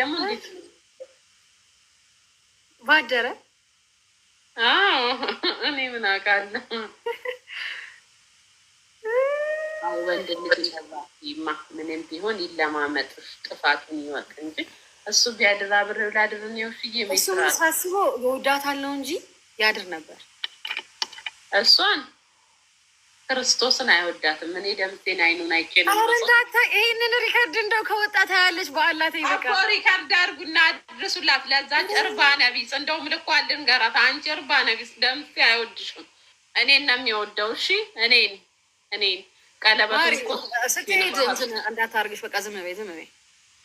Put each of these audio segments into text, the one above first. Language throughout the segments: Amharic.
ደግሞ እንዴት ባደረ እኔ ምን አውቃለሁ። ወንድ ምንም ቢሆን ይለማመጥ ጥፋቱን ይወቅ እንጂ እሱ ቢያድር አብር ላድር እሱ እንጂ ያድር ነበር እሷን ክርስቶስን አይወዳትም። እኔ ደምሴን አይኑን አይቼ ይህንን ሪከርድ እንደው ከወጣት ያለች በአላት ይበቃ። ሪከርድ አድርጉና አድርሱላት ለዛች እርባ ነቢስ። እንደውም ልኳ ልንገራት፣ አንቺ እርባ ነቢስ ደምሴ አይወድሽም። እኔ ነው የሚወደው። እሺ እኔን እኔን ቀለበስትሄድ እንዳታርግሽ። በቃ ዝም በይ ዝም በይ።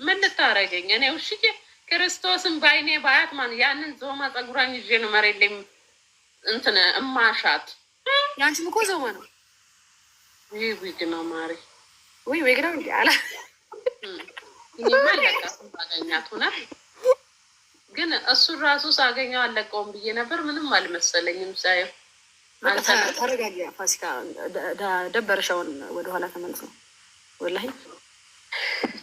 ምን ልታረገኝ እኔ ውሽዬ፣ ክርስቶስን ባይኔ ባያት ማን ያንን ዞማ ጸጉሯን ይዤ ነው መሬት ላይ እንትን እማሻት። ያንቺም እኮ ዞማ ነው ይህ ዊግ ነው ማሪ። ውይ ዊግ ነው እንዲ አላ ግን እሱን ራሱ ሳገኘው አለቀውም ብዬ ነበር። ምንም አልመሰለኝም ሳየው። ተረጋጊ ፋሲካ። ደበረሻውን ወደኋላ ተመልሶ ወላሂ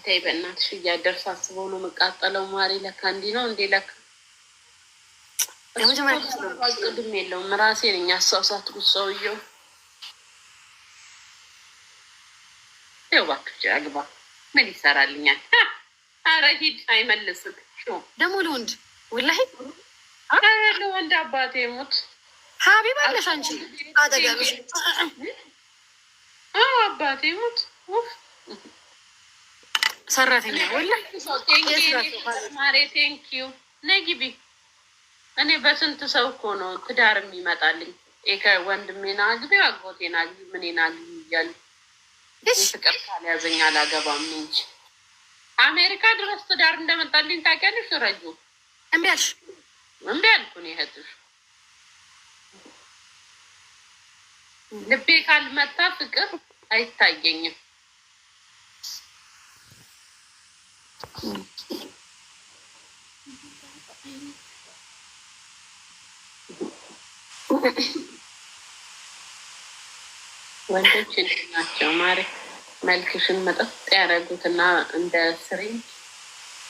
ተይ በእናትሽ እያደር ሳስበው ነው መቃጠለው። ማሪ ለካ እንዲህ ነው እንዴ! ለካ ቅድም የለውም ራሴ ነኝ አሳሳትኩት ሰውየው አግባ ምን ይሰራልኛል? አረ ሂድ፣ አይመልስም። ደግሞ ለወንድ ወላሂ ለወንድ አባቴ ሙት ሀቢብ አለሽ አንቺ አጠገብሽ አባቴ ሞት ሰራተኛ ወላሂ ማሬ ቴንኪዩ ነግቢ። እኔ በስንት ሰው እኮ ነው ትዳር የሚመጣልኝ። ከወንድሜና ግቢ አጎቴና ግቢ ምኔና ግቢ እያሉ ፍቅር ካልያዘኝ አላገባም እንጂ አሜሪካ ድረስ ትዳር እንደመጣልኝ ታውቂያለሽ። ረጁ እምቢ አልሽ፣ እምቢ አልኩን። ይኸትሽ ልቤ ካልመታ ፍቅር አይታየኝም። ወንዶች ናቸው ማሪ መልክሽን መጠጥ ያደረጉት እና እንደ ስሪ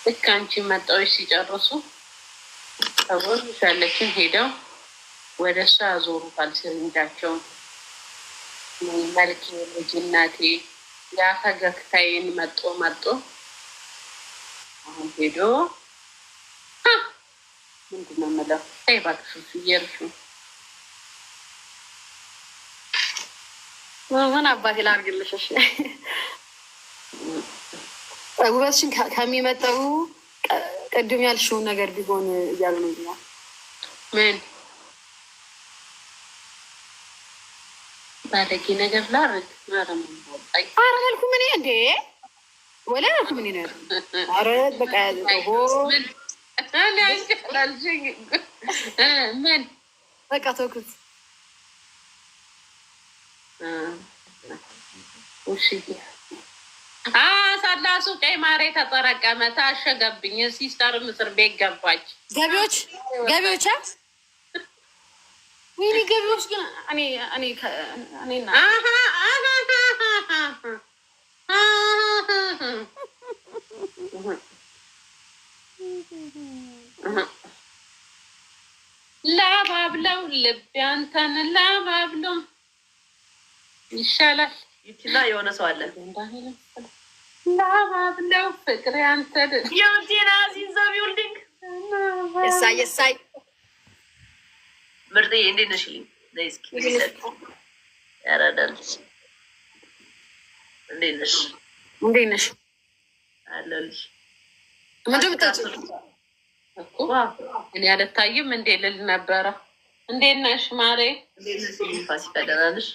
ልክ አንቺ መጣዎች ሲጨርሱ ሰቦን ሻለችን ሄደው ወደ እሷ ያዞሩታል ስሪንጃቸውን መልክ ልጅናቴ ያ ፈገግታዬን መጦ መጦ አሁን ሄዶ ምንድን ነው የምለው ተይ እየርሹ ምን አባቴ ላድርግልሽ? ውበትሽን ከሚመጠሩ ቅድም ያልሽውን ነገር ቢሆን እያሉ ነው ምን ባለጌ ነገር ላርግ አረልኩም እኔ እንዴ ወላ ያልኩ ምን ነ አረ በቃ ምን በቃ ተውኩት። ሰላሱ ቀይ ማሬ ተጠረቀመ ታሸገብኝ። ሲስተር ምስር ቤት ገባች። ገቢዎች ገቢዎች ገቢዎች ግን ላባብለው ልብ ያንተን ላባብለው ይሻላል። ይችላ የሆነ ሰው አለ ነው ፍቅር አንተን የውዴና ዚዛ ቢውልዲንግ የሳይ የሳይ ምርጥ እንዴት ነሽ? እስኪ ያራዳል እንዴት ነሽ? እንዴት ነሽ? አለልሽ ምንድን እኮ እኔ አልታይም እንዴ ልል ነበረ። እንዴት ነሽ ማሬ? ደህና ነሽ?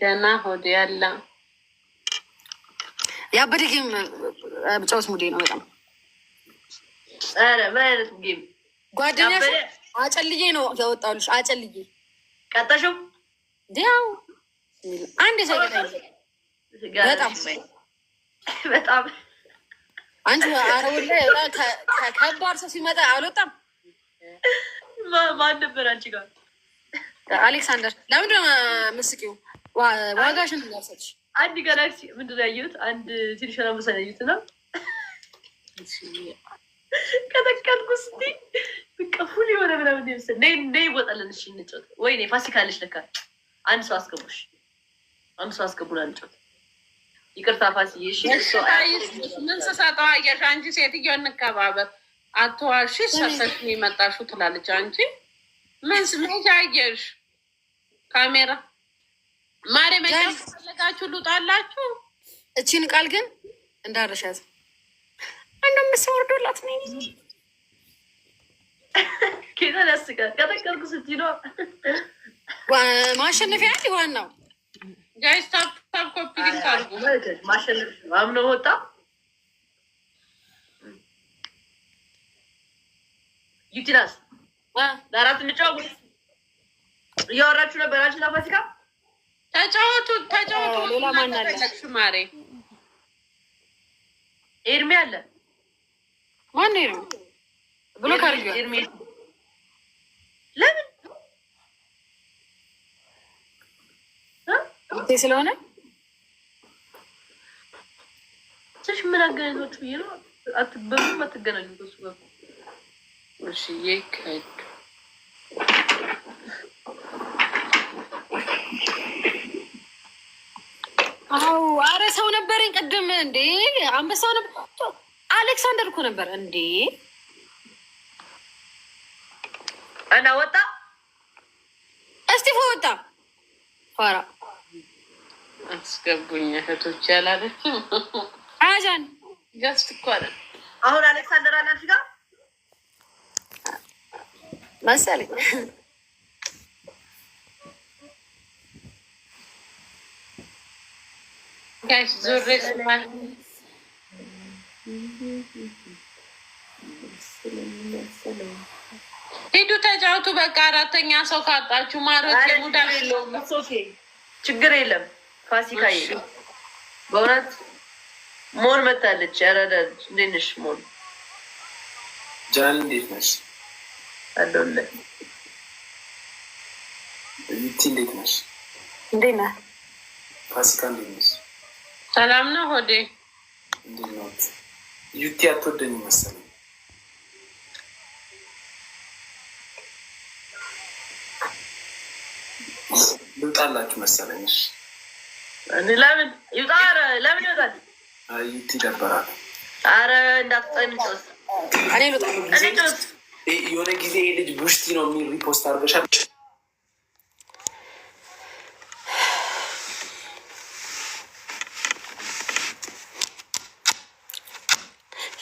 ደህና ሆድ ያለ ያበደ ጌም ጨዋታ ሙዴ ነው። በጣም ጓደኛሽ አጨልዬ ነው ያወጣሉሽ። አጨልዬ ቀጠሽው ያው አንድ ሰው በጣም በጣም አንቺ ከባድ ሰው ሲመጣ አልወጣም። ማን ነበር አንቺ ጋር? አሌክሳንደር ለምንድን ነው ምስቂው? ዋጋሽን ያሰች አንድ ጋላክሲ ምንድን ነው ያየሁት? አንድ ትንሽ አንበሳ ያየሁት ነው ከተቀልኩ ስቲ በቃ ሁሉ የሆነ ምናምን ምስል ነ ይወጣለን። እሺ እንጫወት። ወይኔ ፋሲካ አለች ለካ። አንድ ሰው አስገቡሽ፣ አንድ ሰው አስገቡን አንጫወት። ይቅርታ ፋሲ። እሺ ምን ስሰጠው አየሽ አንቺ ሴትዮ፣ እንከባበር። አትዋሺ፣ ሰርተሽ የመጣሽው ትላለች። አንቺ ምን ስሜት አየሽ ካሜራ ማሬ መጫወት ፈለጋችሁ ልውጣላችሁ። እቺን ቃል ግን እንዳረሻት አንዳንድ ሰው ወርዶላት ነው ማሸነፊያ አንድ ዋናው ጋይስ ታፕ ታፕ ኮፒ ሊንክ አድርጉ። ማሸነፊያ አምኖ ወጣ ዩቲላስ ለአራት ምጫ እያወራችሁ አንቺ ታፋሲካ ተጫወቱ ተጫወቱ። ሌላ ማን አለ? ማሬ ኤርሚ አለ። ማን ኤርሚ ብሎ ካርዩ ኤርሚ ለምን እንዴ? ስለሆነ ትሽ ምን አገናኛችሁ? ይሉ አትበሉም፣ አትገናኙ። እሱ ጋር እሺ ይከዱ አዎ አረ ሰው ነበረኝ ቅድም እንዴ አንበሳው ነበር አሌክሳንደር እኮ ነበር እንዴ እና ወጣ እስጢፎ ወጣ ኋራ አስገቡኝ እህቶች ያላለች አጃን ገስት እኮ አለ አሁን አሌክሳንደር አላልሽ ጋር መሰለኝ ጋሽ ዞሬ ሂዱ ተጫውቱ። በቃ አራተኛ ሰው ካጣችሁ ማሮት የሙዳ ችግር የለም። ፋሲካ በእውነት ሞን መታለች። ያራዳ እንዴት ነሽ ሞን? ጃን እንዴት ነሽ? አለሁልህ። እንዴት ነሽ? እንዴት ነህ ፋሲካ? እንዴት ነሽ? ሰላም ነው ሆዴ። እንዴት ነው? ዩቲ አትወደኝ መሰለኝ። ልውጣላችሁ መሰለኝ። ይወጣል? ዩቲ ደበራል። ኧረ እንዳትጠኝ የሆነ ጊዜ ልጅ ቡሽቲ ነው የሚል ሪፖስት አድርገሻል።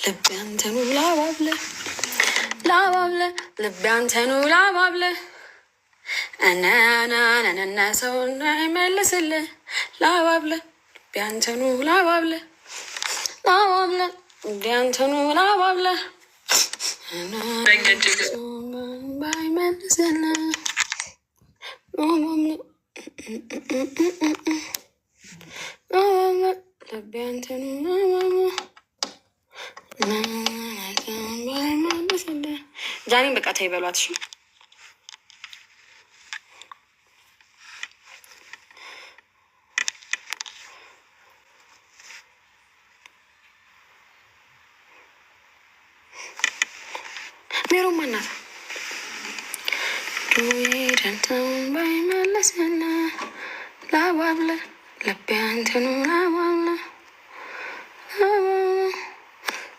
ልቤ አንተኑ ላባብለ ላባብለ ልቤ አንተኑ ላባብለ እናናናናና ሰው እንዳይመልስል ላባብለ ልቤ አንተኑ ላባብለ ላባብለ ልቤ አንተኑ ላባብለ ባይመልስል ልቤ አንተኑ ላባብለ ጃኒን በቃ ተይበሏት።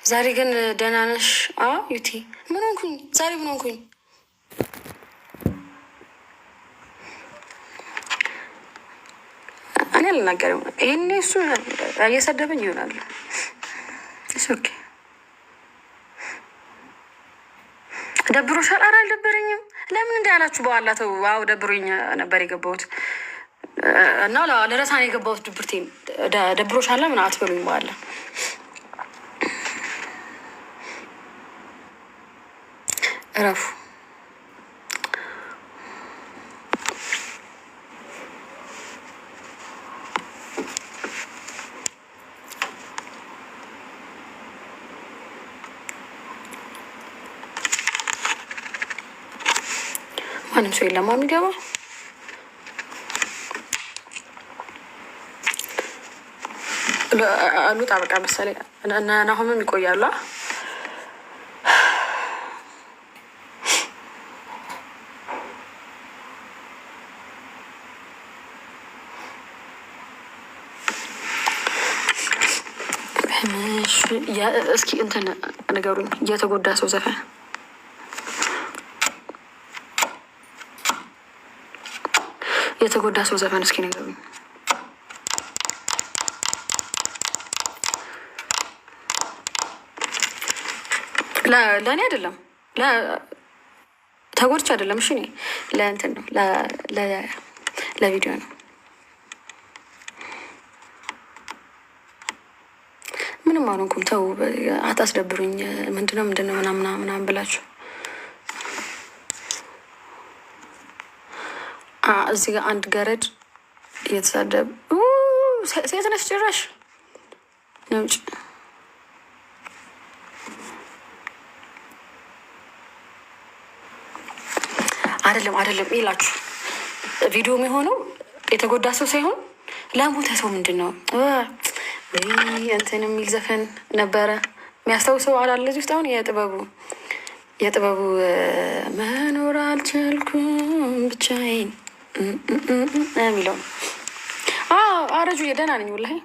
ዛሬ ግን ደህና ነሽ? አዎ ዩቲ፣ ምን ሆንኩኝ? ዛሬ ምን ሆንኩኝ? እኔ አልናገርም። ይህኔ እሱ እየሰደበኝ ይሆናል። ኦኬ ደብሮሻል? ኧረ አልደበረኝም። ለምን እንዲ ያላችሁ በኋላ ተው። አዎ ደብሮኝ ነበር የገባሁት እና ለረሳን የገባሁት ድብርቴን። ደብሮሻል ምን አትበሉኝ በኋላ እረፉ። ማንም ሰው የለማ የሚገባ አሉጣ በቃ መሰለኝ እና ናሆምም ይቆያሉ። እስኪ እንትን ነገሩ የተጎዳ ሰው ዘፈን የተጎዳ ሰው ዘፈን እስኪ ነገሩ ለእኔ አይደለም ተጎድቼ አይደለም። እሺ እኔ ለእንትን ነው ለቪዲዮ ነው። ምንም አልሆንኩም። ተው አታስደብሩኝ። ምንድነው ምንድነው ምናምና ምናምን ብላችሁ እዚህ ጋር አንድ ገረድ እየተሳደብ ሴት ነች ጭራሽ ነውጭ አይደለም አይደለም ይላችሁ ቪዲዮ የሆነው የተጎዳ ሰው ሳይሆን ለሞተ ሰው ምንድን ነው እንትን የሚል ዘፈን ነበረ የሚያስታውሰው አላለ ልጅ ውስጥ አሁን የጥበቡ የጥበቡ መኖር አልቻልኩም ብቻዬን የሚለው አረጁ ደህና ነኝ፣ ወላሂ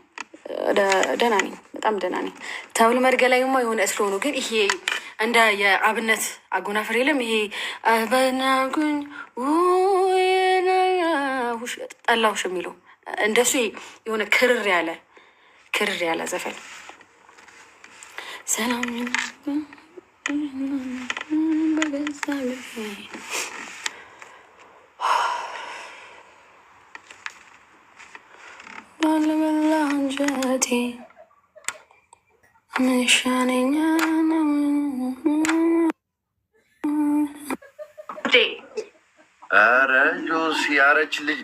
ደህና ነኝ፣ በጣም ደህና ነኝ። ተብሎ ተብል ማ የሆነ እስሎ ነው። ግን ይሄ እንደ የአብነት አጎናፍር የለም ይሄ አበናጉኝ ጠላሁሽ የሚለው እንደሱ የሆነ ክርር ያለ ክር ያለ ዘፈን ሰላም ባለበላ አንጀቴ ምሻነኛ ኧረ ጆስ ያረች ልጅ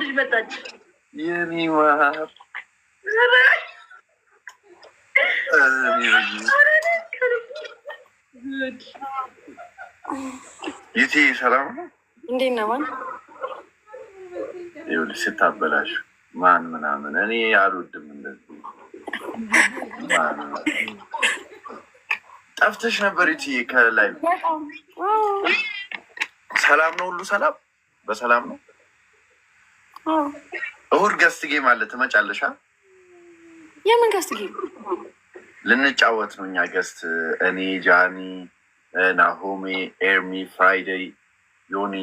ልጅ መጣች። ሰላም እንዴት ነው? ስታበላሽ ማን ምናምን እኔ አልወድም። እንደዚህ ጠፍተሽ ነበር ይቴ ከላይ ሰላም ነው ሁሉ ሰላም በሰላም ነው። እሁድ ገስትጌ ማለት ትመጫለሻ? የምን ገስትጌ ልንጫወት ነው እኛ ገስት፣ እኔ ጃኒ፣ ናሆሜ፣ ኤርሚ፣ ፍራይደይ፣ ዮኒ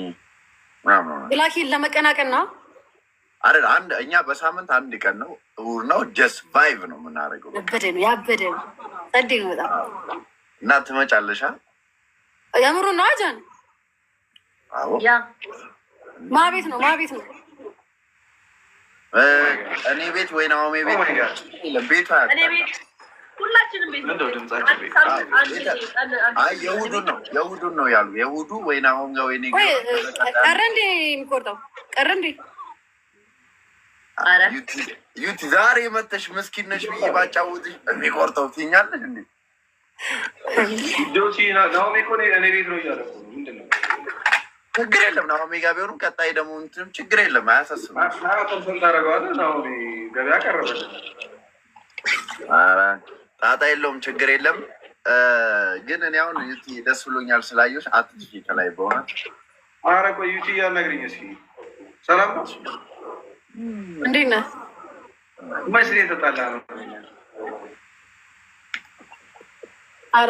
ብላኪን ለመቀናቀን ነው አይደል? አንድ እኛ በሳምንት አንድ ቀን ነው እሁድ ነው። ጀስ ቫይቭ ነው የምናደርገው። ያበደ ነው ያበደ ነው ጸዴ ነው በጣም እና ትመጫለሻ? የምሩ ነው አጃን ያ ማቤት ነው ማቤት ነው እኔ ቤት ወይ ነው ቤት ቤቱ ሁላችንም የእሑዱን ነው የእሑዱን ነው ያሉ የእሑዱ ወይ ናሆም ጋር ወይ ቀረ እንዴ የሚቆርጠው ቀረ እንዴ? ዩቲ ዛሬ መተሽ ምስኪን ነሽ ብዬ ባጫውትሽ የሚቆርጠው ትይኛለሽ እንዴ? ናሆም እኮ እኔ ቤት ነው እያለ ምንድን ነው ችግር የለም። ናሆሜ ጋ ቢሆንም ቀጣይ ደግሞ እንትንም ችግር የለም። አያሳስብም። ጣጣ የለውም። ችግር የለም። ግን እኔ አሁን ዩቲ ደስ ብሎኛል ስላየሁሽ። አትጥፊ ከላይ በሆነ አረ ቆይ ዩቲ ያናግሪኝ እስኪ። ሰላም ነው? እንዴት ነህ? መች የተጣላ ነው? ኧረ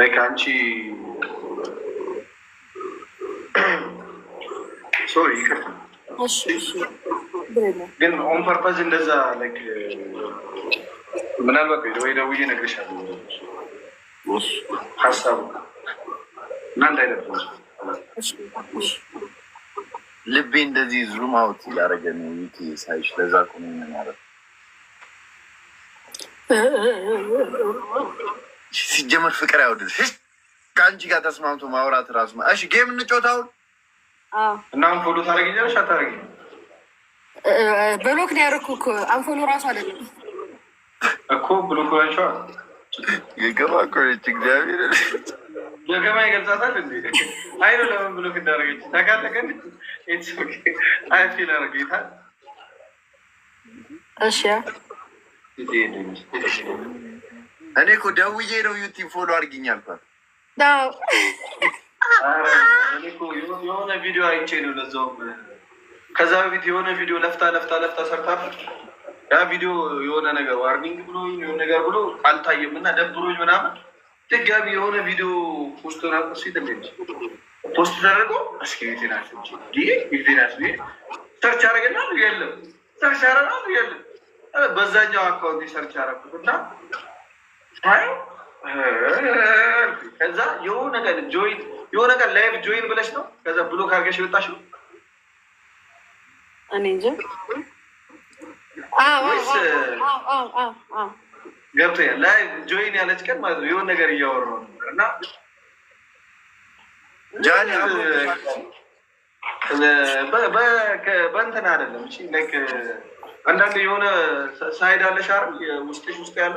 ላይክ አንቺ ሶሪ ይቅርታ ግን ኦን ፐርፐዝ እንደዛ ላይክ ምናልባት ወይ ደውዬ እነግርሻለሁ ሀሳቡ እና ልቤ እንደዚህ ዙም አውት እያደረገ ነው። ሳይሽ ለዛ ቁም ማለት ሲጀመር ፍቅር አይወድልሽ። ከአንቺ ጋር ተስማምቶ ማውራት ራሱ እሺ። ጌም እንጮት አሁን እና አንፎሎ ታደርጊኛለሽ አታደርጊ? ብሎክ ነው ያደረኩ እኮ አንፎሎ ራሱ አይደለም እኮ ብሎክ ናቸዋል። የገባ እኮ ነች። እግዚአብሔር የገባ ይገልጻታል እንዴ? አይ ለምን ብሎክ እንዳደረገች ታውቃለህ? ግን አይፊል እሺ እኔ እኮ ደውዬ ነው ዩቲብ ፎሎ አድርጊኝ አልኳት። የሆነ ቪዲዮ አይቼ ነው ለዛውም፣ ከዛ በፊት የሆነ ቪዲዮ ለፍታ ለፍታ ለፍታ ሰርታ ያ ቪዲዮ የሆነ ነገር ዋርኒንግ ብሎ የሆነ ነገር ብሎ አልታየም እና ደብሮኝ ምናምን ድጋሚ የሆነ ቪዲዮ ፖስት ና ሴት ፖስት ተደረገ። እስኪ ቤቴናሽ ቤቴናሽ ሰርች አረገና የለም ሰርች አረና የለም በዛኛው አካውንት ሰርች አረኩት እና ከዛ የሆነ ቀን ጆይን የሆነ ቀን ላይቭ ጆይን ብለሽ ነው ከዛ ብሎ አድርገሽ የወጣሽ ነው። እኔ እንጂ ገብቶኛል። ላይቭ ጆይን ያለች ቀን ማለት ነው የሆነ ነገር እያወራሁ ነበር እና በእንትን አይደለም እ አንዳንድ የሆነ ሳይድ አለሽ አይደል ውስጥሽ ውስጥ ያለ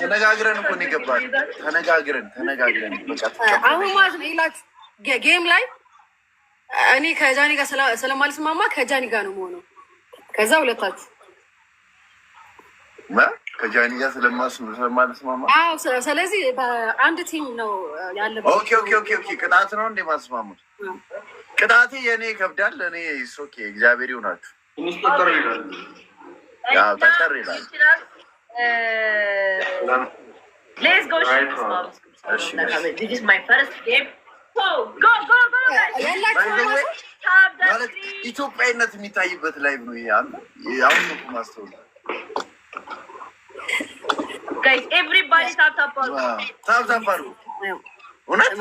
ተነጋግረን እኮ ነው የገባነው። ተነጋግረን ተነጋግረን አሁን ማለት ነው ጌም ላይ እኔ ከጃኒ ጋር ስለማልስማማ ከጃኒ ጋር ነው የምሆነው። ከዛ ሁለታችሁ ከጃኒ ጋር ስለማልስማማ፣ ስለዚህ በአንድ ቲም ነው ያለበት። ኦኬ ኦኬ ኦኬ ኦኬ። ቅጣት ነው እንዴ ማስማሙት? ቅጣቴ የእኔ ይከብዳል። እኔ ሶኬ እግዚአብሔር ይሆናችሁ ኢትዮጵያዊነት የሚታይበት ላይ ነው። አሁን ማስተውል ኤቭሪባዲ ታብታባሉ ታብታባሉ እውነት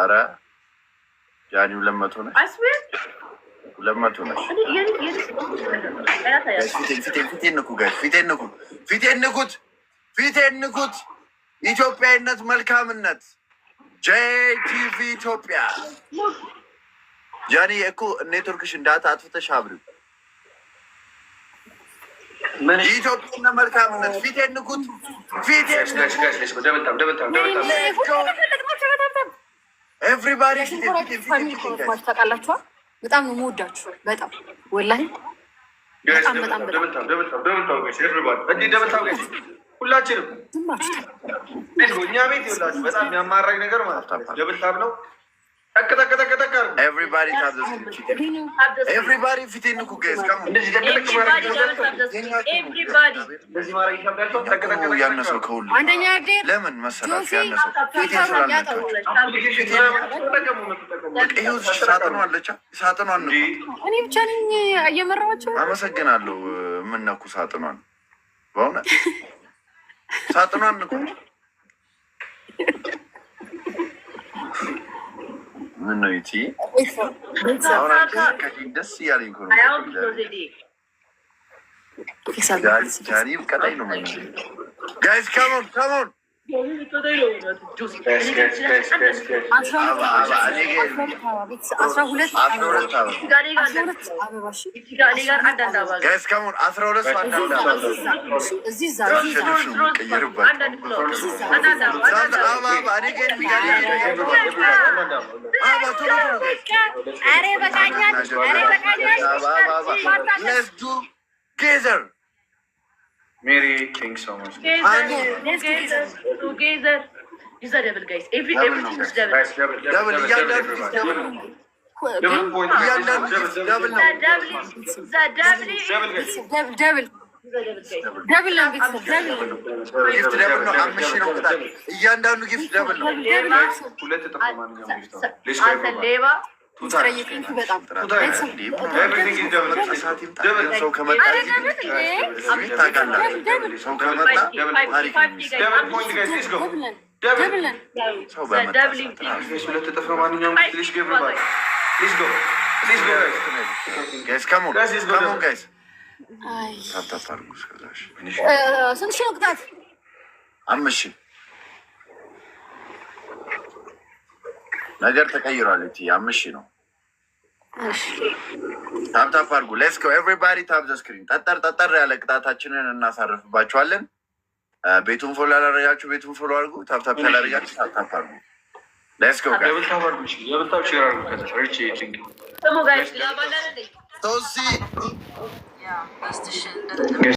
አረ ጃኒ ሁለት መቶ ነሽ፣ ሁለት መቶ ነሽ። ፊቴን ንኩ፣ ፊቴን ንኩ፣ ፊቴን ንኩት፣ ፊቴን ንኩት። ኢትዮጵያዊነት መልካምነት ጄቲቪ ኢትዮጵያ ጃኒ እኮ ኔትወርክሽ እንዳታ አጥፍተሽ አብሪው። የኢትዮጵያና መልካምነት ፊቴን ንኩት፣ ፊቴን ንኩት ኤቭሪባዲ ታውቃላችኋል። በጣም ነው የምወዳችሁ። በጣም ወላሂ ሁላችንም እኛ ቤት ይኸውላችሁ በጣም የሚያማራኝ ነገር ማለት ነው ነው። ኤቭሪባዲ ፊቴን እኮ ጋይዝ ያነሰው ከሁሉ ለምን መሰላችሁ? ያነሰው አለቻ ሳጥኗን እኔ ብቻ ነኝ እየመራኋቸው። አመሰግናለሁ። የምነኩ ሳጥኗን በእውነት ሳጥኗን ምን ነው ይቺ ደስ እያለኝ እኮ ነው። Let's do together. ሜሪ ቴንክ ሶ ማች ቱጌዘር ይዛ ደብል ጋይስ እያንዳንዱ ጊፍት ደብል ነው። አምስት ሺህ ነገር ተቀይሯል። እቲ አምሺ ነው። ታፕታፕ አድርጉ። ሌትስ ጎ ኤቭሪባዲ ታፕ ዘ ስክሪን። ጠጠር ጠጠር ያለ ቅጣታችንን እናሳርፍባቸዋለን። ቤቱን ፎሎ ያላረጋችሁ ቤቱን ፎሎ አድርጉ። ታፕታፕ ያላረጋችሁ ታፕታፕ አድርጉ። ሌትስ ጎ ጋይስ